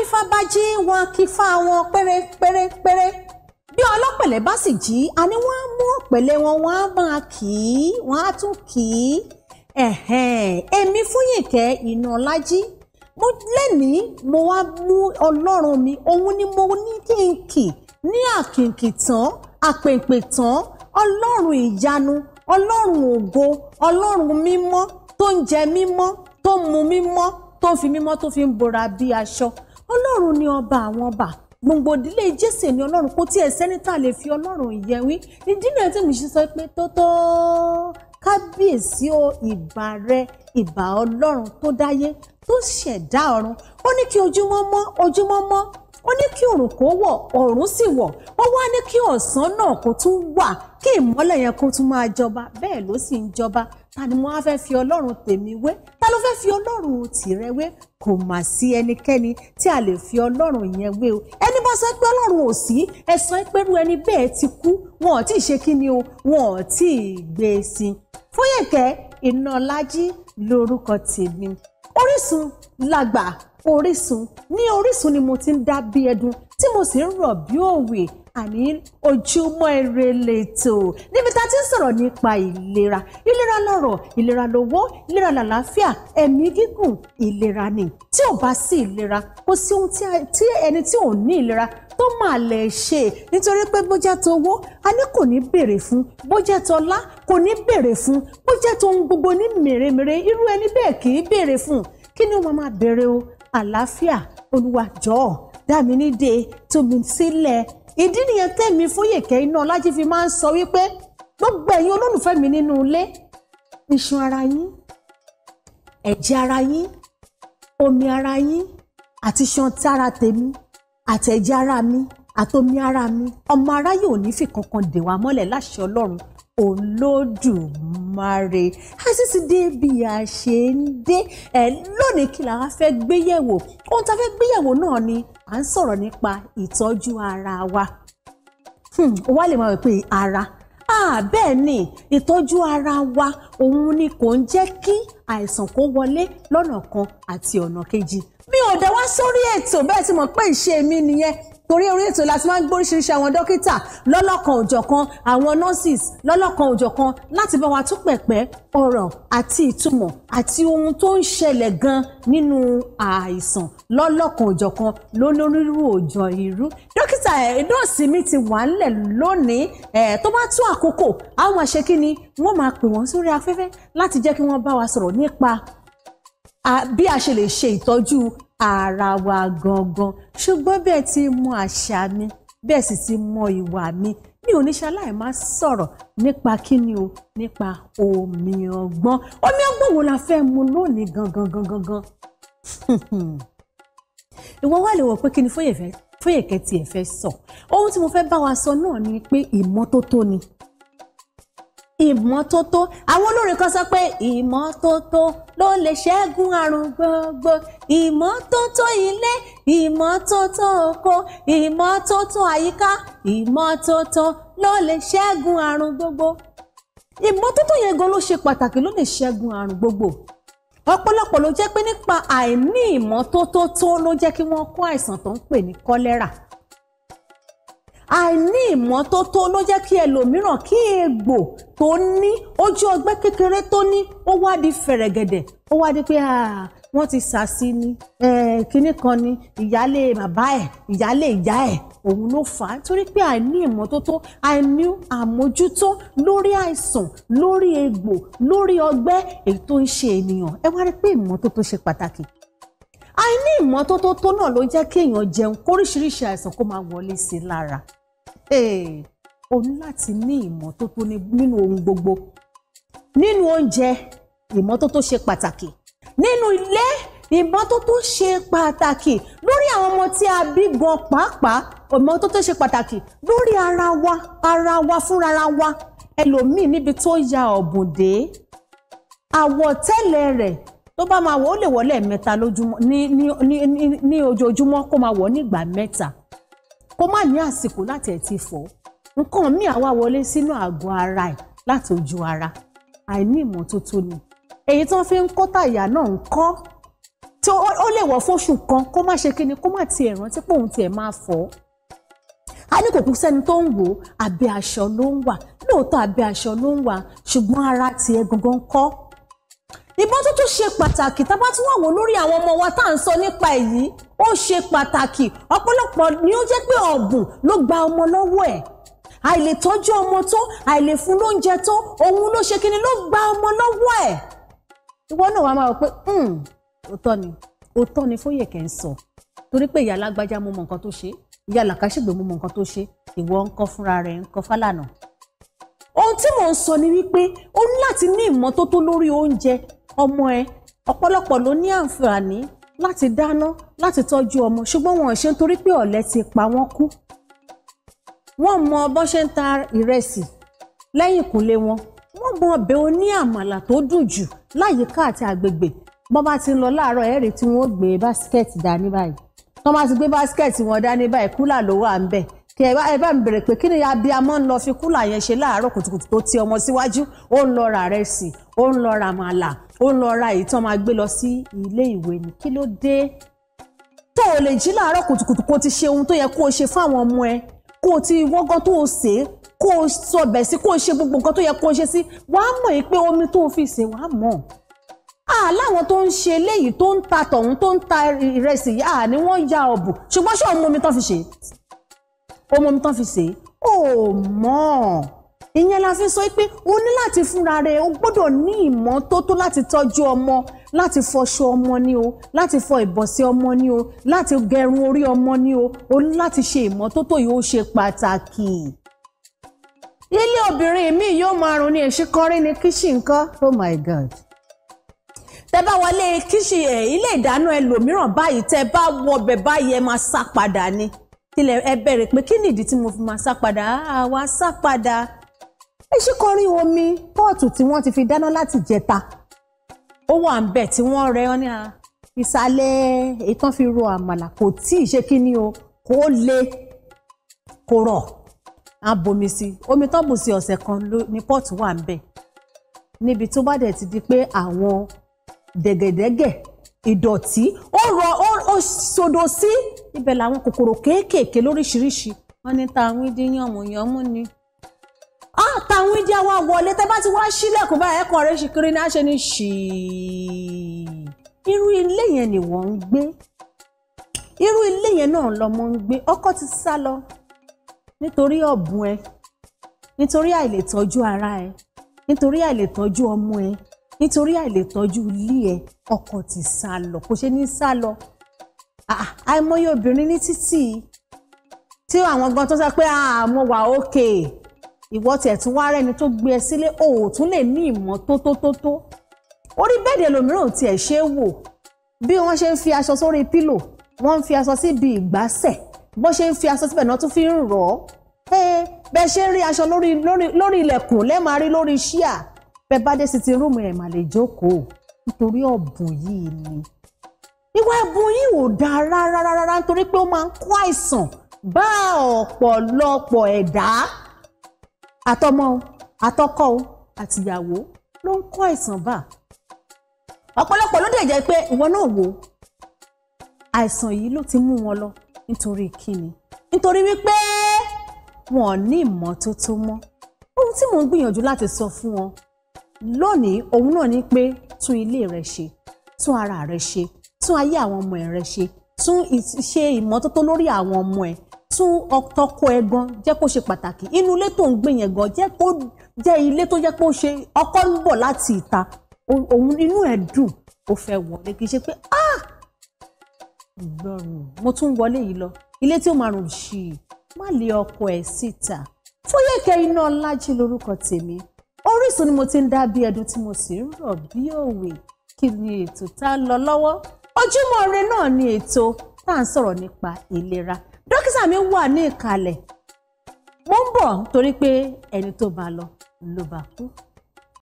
onífá bá jí wọn kí fá wọn pérépérépéré bí ọlọ́pẹ̀lẹ̀ bá sì jí a ní wọ́n á mú ọ̀pẹ̀lẹ̀ wọn wọ́n á máa kì í wọ́n á tún kì í èmi Fúyìnkẹ́ Inaọlájí mo lẹ́nìí mo wá mú ọlọ́run mi òun ni mo ní kí n kì ní àkìnkì tán àpèpè tán ọlọ́run ìyanu ọlọ́run ògo ọlọ́run mímọ́ tó ń jẹ mímọ́ tó ń mu mímọ́ tó ń fi mímọ́ tó fi ń bora bí aṣọ ọlọ́run ni ọba àwọn ọba gbòǹgbò ìdílé jésè ni ọlọ́run kò tiẹ̀ sẹ́ni tá a lè fi ọlọ́run yẹ wí ìdí náà tí mo ṣe sọ pé tótó kábíyèsí o ìbà rẹ ìbà ọlọ́run tó dáyé tó ṣẹ̀dá ọ̀run ó ní kí ojúmọ́ mọ́ ojúmọ́ mọ́ ó ní kí òrùn kó wọ̀ òrùn sì wọ̀ ó wá ní kí ọ̀sán náà kó tún wà kí ìmọ́lẹ̀ yẹn kó tún máa jọba bẹ́ẹ̀ ló sì ń jọba ta ni mo wá fẹ́ fi ọlọ́run tèmi wé ta ló fẹ́ fi ọlọ́run tìrẹ wé kò mà sí ẹnikẹ́ni tí a lè fi ọlọ́run yẹn wé o ẹni bá sọ pé ọlọ́run ò sí ẹ sọ ẹni bẹ́ẹ̀ ti kú wọn ò tí ì ṣe kí ni o wọn ò tí ì gbé e sí i Fóyèkẹ́ Ináolájí lórúkọ tèmi Orísun làgbà Orísun ní Orísun ni mo ti ń dá bí ẹdun tí mo sì ń rọ̀ bí òwe àní ojúmọ́ ire lètò níbi tá a ti ń sọ̀rọ̀ nípa ìlera ìlera lọ́rọ̀ ìlera lówó ìlera làlàáfíà ẹ̀mí gígùn ìlera ni tí ò bá sí ìlera kò sí ohun tí ẹni tí ò ní ìlera tó máa lè ṣe nítorí pé bójá tó owó a ní kò ní béèrè fún bójá tó ọlá kò ní béèrè fún bójá tó ohun gbogbo ní mèremère irú ẹni bẹ́ẹ̀ kì í béèrè fún kí ni wọ́n máa béèrè o àlàáfíà olúwa jọ̀ọ́ dá mi de tómi sílẹ̀ ìdí nìyẹn tẹ̀mí Fóyèkẹ́ Ináolájí fi máa ń sọ wípé gbogbo ẹ̀yin olólùfẹ́ mi nínú ilé iṣan ara yín ẹ̀jẹ̀ ara yín omi ara yín àti iṣan tára tèmi àtẹ̀jẹ̀ ara mi àtomi ara mi ọmọ aráyé ò ní fi kankan dè wá mọ́lẹ̀ láṣẹ Ọlọ́run olódùmarè a sì ti dé bí a ṣe ń dé ẹ lónìí kí la fẹ́ gbéyẹ̀wò ohun tá a fẹ́ gbéyẹ̀wò náà ni à ń sọ̀rọ̀ nípa ìtọ́jú ara wa ó hmm, wá lè máa wò pé ara ah bẹ́ẹ̀ ni ìtọ́jú ara wa òun ni kò ń jẹ́ kí àìsàn kó wọlé lọ́nà kan àti ọ̀nà kejì mi ò dá wá sórí ètò bẹ́ẹ̀ tí mo pé ìṣe mi nìyẹn torí orí ètò láti máa ń gbóríṣiríṣi àwọn dókítà lọ́lọ́kan òjọ̀kan àwọn nurses lọ́lọ́kan òjọ̀kan láti bá wa tún pẹ̀pẹ́ ọ̀rọ̀ àti ìtumọ̀ àti ohun tó ń ṣẹlẹ̀ gan nínú àìsàn lọ́lọ́kan òjọ̀kan lólórírù òjò irú. dókítà eh, nọ́ọ̀sì mi ti wà ńlẹ̀ lónìí eh, tó bá tún àkókò àwọn àṣẹ kí ni wọ́n máa pè wọ́n sórí afẹ́fẹ́ láti jẹ́ kí wọ́n bá wa sọ̀rọ̀ nípa ah, bí a ṣe lè ṣe ìtọ́jú ara wa gangan ṣùgbọ́n bẹ́ẹ̀ ti mọ àṣà mi bẹ́ẹ̀ sì ti mọ ìwà mi mi ò ní ṣaláì máa sọ̀rọ̀ nípa kíni o nípa omi ọgbọ́n omi ọgbọ́n wo la fẹ́ mu lónìí gangan gangan gan ìwọ wà lè wò pé kíni Foyeke tiẹ̀ fẹ́ sọ ohun tí mo fẹ́ bá wa sọ náà ni pé ìmọ́tótó ni ìmọ́tótó àwọn olórin kan sọ pé ìmọ́tótó ló lè ṣẹ́gun àrùn gbogbo ìmọ́tótó ilé ìmọ́tótó oko ìmọ́tótó àyíká ìmọ́tótó ló lè ṣẹ́gun àrùn gbogbo ìmọ́tótó yẹn gan ló ṣe pàtàkì ló lè ṣẹ́gun àrùn gbogbo ọ̀pọ̀lọpọ̀ ló jẹ́ pé nípa àìní ìmọ́tótó tó ló jẹ́ kí wọ́n kó àìsàn tó ń pè ní kọ́lẹ́rà àìní ìmọ́tótó ló jẹ́ kí ẹlòmíràn kí egbò tó ní ojú ọgbẹ́ kékeré tó ní ó wá di fẹ̀rẹ̀gẹ̀dẹ̀ ó wá di pé wọ́n ti sàṣì ni kinní kan ni ìyálé bàbá ẹ̀ ìyálé ìyá ẹ̀ òun ló fà á torí pé àìní ìmọ́tótó àìní àmójútó lórí àìsàn lórí egbò lórí ọgbẹ́ èyí tó ń ṣe ènìyàn ẹ wá rí pé ìmọ́tótó ṣe pàtàkì àìní ìmọ́tótó tó náà ló jẹ́ kéèyàn jẹun kóríṣiríṣi àìsàn kó máa wọlé sí i lára Eh, o ní láti ní ìmọ́tótó nínú ohun gbogbo nínú oúnjẹ ìmọ́tótó ṣe pàtàkì nínú ilé ìmọ́tótó ṣe pàtàkì lórí àwọn ọmọ tí a bí gan pàápàá ìmọ́tótó ṣe pàtàkì lórí ara wa ara wa fúnra wa ẹlòmíì níbi tó ya ọ̀bùn dé àwọ̀tẹ́lẹ̀ rẹ̀ tó bá máa wọ̀ ó lè wọ̀ lẹ́ẹ̀mẹ́ta lójúmọ́ ní ojoojúmọ́ kó máa wọ̀ nígbà mẹ́ta kó má ní àsìkò láti ẹ̀ ti fọ̀ nǹkan míì àwa wọlé sínú àgọ́ ara ẹ̀ láti ojú ara àìní ìmọ́tótó ni èyí tí wọ́n fi ń kọ́ tàyà náà ń kọ́ tí ó lè wọ̀ fóṣù kan kó má ṣe kíni kó má tiẹ̀ rántí pé òun tiẹ̀ máa fọ̀ a ní kò kú sẹ́ni tó ń wò abẹ́ aṣọ ló ń wà lóòótọ́ abẹ́ aṣọ ló ń wà ṣùgbọ́n ara tiẹ̀ gangan kọ́ ìmọ́tótó ṣe pàtàkì tá a bá tún wà wò lórí àwọn ọmọ wa tá à ń sọ nípa èyí ó ṣe pàtàkì ọ̀pọ̀lọpọ̀ ni ó jẹ́ pé ọ̀bùn ló gba ọmọ lọ́wọ́ ẹ̀ àìlè tọ́jú ọmọ tó àìlè fún lóúnjẹ tó òun ló ṣe kíni ló gba ọmọ lọ́wọ́ ẹ̀ ìwọ náà wàá máa rò pé hmm, òótọ́ ni òótọ́ ni Fóyèkẹ́ ń sọ torí pé ìyá alágbájá mo mọ nǹkan tó ṣe ìyá làkàṣègbè mo mọ nǹkan tó ṣe ìwọ ń kọ́ fúnra rẹ̀ ń kọ́ Fálànà ohun tí mò ń sọ ni wípé o ní láti ní ìmọ́tótó lórí oúnjẹ ọmọ ẹ ọ̀pọ̀lọpọ̀ ló ní àǹfààní láti dáná láti tọ́jú ọmọ ṣùgbọ́n wọn ò ṣe nítorí pé ọ̀lẹ ti pa wọ́n kú wọ́n mọ bọ́n ṣe ń ta ìrẹsì lẹ́yìn ìkúnlé wọn wọ́n mọ ọbẹ̀ oní àmàlà tó dùn jù láyìíká àti àgbègbè bọ́n bá ti ń lọ láàárọ̀ ẹ̀rì tí wọ́n gbé báskẹ̀tì dání báyìí tọ́ bá ti gbé báskẹ̀tì wọn dání báyìí kúlà ló wà ń bẹ̀ kí ẹ bá ẹ bá ń bèrè pé kí ni abiyamọ ń lọ fi kúlà yẹn ṣe láàárọ̀ kùtùkùtù tó ti ọmọ síwájú ó ń lọ ra rẹsì ó ń lọ ra màlà ó ń lọ ra èyí tán máa gbé lọ sí ilé ìwé ni kí ló dé tó o lè jí láàárọ̀ kùtùkùtù kó o ti ṣe ohun tó yẹ kó o ṣe fún àwọn ọmọ ẹ kó o ti wọ́gán tó o sè é kó o sọbẹ̀ sí kó o ṣe gbogbo nǹkan tó yẹ kó o ṣe sí wàá mọ̀ yìí pé omi tó o fi sè wàá mọ̀ aláwọn tó ń ṣe eléyìí tó ń ta tọ̀hún tó ń ta ìrẹsì yá ni wọ́n ya ọ̀bù ṣùgbọ́n ṣé ọmọ omi tán fi ṣe ọmọ mi tán fi ṣe ó mọ̀ ìyẹn la fi sọ pé o ní láti fúnra rẹ o gbọ́dọ̀ ní ìmọ́tótó láti tọ́jú ọmọ láti fọṣọ ọmọ ni o láti fọ ìbọ̀sẹ̀ ọmọ ni o láti gẹrun orí ọmọ ni o o ní láti ṣe ìmọ́tótó yìí ó ṣe pàtàkì ilé obìnrin mi yóò máa rùn ní èsìkọrí ní kíṣìn nǹkan oh my god tẹ bá wọlé kíṣìn ẹ ilé ìdáná ẹlòmíràn báyìí tẹ bá wọbẹ̀ báyìí ẹ máa sá padà ni ilẹ̀ ẹ bẹ̀rẹ̀ pé kí nìdí tí mo fi máa sá padà àwa sá padà iṣẹ́ kọrin omi pọ́ọ̀tù tí wọ́n ti fi dáná láti jẹta ó wà ń bẹ̀ tí wọ́n rẹ ọ́ ní ìsàlẹ̀ ìtàn fi ro àmàlà kò tí ì ṣe kí ni o kò le kò rọ̀ á bomi sí omi tán bù sí ọ̀sẹ̀ kan ní pọ́ọ̀tù wà ń bẹ̀ níbi tó bá dẹ̀ ti di pé àwọn dẹ̀gẹ̀dẹ̀gẹ̀ ìdọ̀tí ó rọ ó ó sodo sí ibẹ̀ làwọn kòkòrò kéékèèké lóríṣiríṣi wọ́n ní tàwọn ìdí yànmùyànmù ni àtàwọn ìdí àwọn wọlé tẹ bá ti wá sílẹ̀kùn báyìí ẹ̀kọ́ rẹ̀ ṣì kiri náà ṣe ni ṣìí irú ilé yẹn ni wọ́n ń gbé irú ilé yẹn náà lọmọ ń gbé ọkọ ti sá lọ nítorí ọ̀bùn ẹ nítorí àìlètọ́jú ara ẹ nítorí àìlètọ́jú ọmọ ẹ nítorí àìlètọ́jú ilé ẹ ọkọ ti sá lọ kò ṣe ní sá lọ Ah, àìmọye obìnrin ní títì tí àwọn gan tó sọ pé ah, mo wà òkè ìwọ tiẹ̀ tún wá rẹ́ni tó gbé ẹ sílé o ò tún lè ní ìmọ́tótótótó orí bẹ́ẹ̀dì ẹlòmíràn tiẹ̀ ṣe é wò bí wọ́n ṣe ń fi aṣọ sórí pílò wọ́n ń fi aṣọ síbi ìgbásẹ̀ bó ṣe ń fi aṣọ síbẹ̀ náà tún fi ń rọ̀ ọ́ bẹ́ẹ̀ ṣe ń rí aṣọ lórí ilẹ̀kùn lẹ́ẹ̀máa rí lórí ṣíà bẹ́ẹ̀ bá dé sí ti rúùmù ẹ̀ mà jókòó nítorí ọ̀bùn yìí ni ìwà ẹ̀bùn yìí ò dáa rárá rárá nítorí pé ó máa ń kó àìsàn bá ọ̀pọ̀lọpọ̀ ẹ̀dá àtọmọ àtọkọ àtìyàwó ló ń kó àìsàn bá ọ̀pọ̀lọpọ̀ ló dẹ̀ jẹ́ pé ìwọ náà wò àìsàn yìí ló ti mú wọn lọ nítorí kíni nítorí wípé wọn ò ní ìmọ́tótó mọ́ ohun tí mò ń gbìyànjú láti sọ fún wọn lónìí òun náà ni pé tún ilé rẹ ṣe tún ara rẹ ṣe tún ayé àwọn ọmọ ẹ rẹ ṣe tún ṣe ìmọ́tótó lórí àwọn ọmọ ẹ tún ọtọkọ ẹ gan jẹ́ kó ṣe pàtàkì inú ilé tó ń gbé yẹn gan jẹ́ kó jẹ́ ilé tó jẹ́ kó ṣe ọkọ ń bọ̀ láti ìta òun inú ẹ dùn ó fẹ́ wọlé kì í ṣe pé ah ìgbọràn mo tún wọlé yìí lọ ilé tí ó máa rùn sí i má lè ọkọ ẹ síta Fóyèkẹ́ Ináolájí lórúkọ tèmi Orísun ni mo ti ń dá bí ẹdun tí mo sì ń rọ̀ bí òwe kí ni ètò tá a lọ lọ́wọ́ ojúmọ́ ire náà ni ètò tá à ń sọ̀rọ̀ nípa ìlera dókítà mi wà ní ìkàlẹ̀ mo ń bọ̀ torí pé ẹni tó bá lọ ló bá kú.